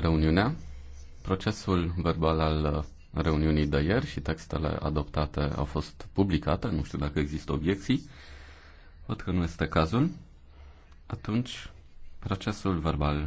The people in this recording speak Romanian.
reuniunea. Procesul verbal al reuniunii de ieri și textele adoptate au fost publicate. Nu știu dacă există obiecții. Văd că nu este cazul. Atunci, procesul verbal